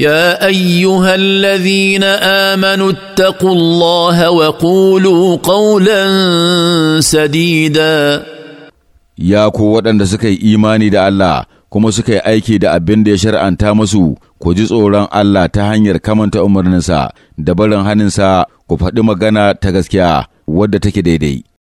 يا ايها الذين امنوا اتقوا الله وقولوا قولا سديدا ya ku waɗanda suka yi imani da Allah kuma suka yi aiki da abin da ya shar'anta musu ku ji tsoron Allah ta hanyar kamanta umarninsa da barin haninsa ku faɗi magana ta gaskiya wadda take daidai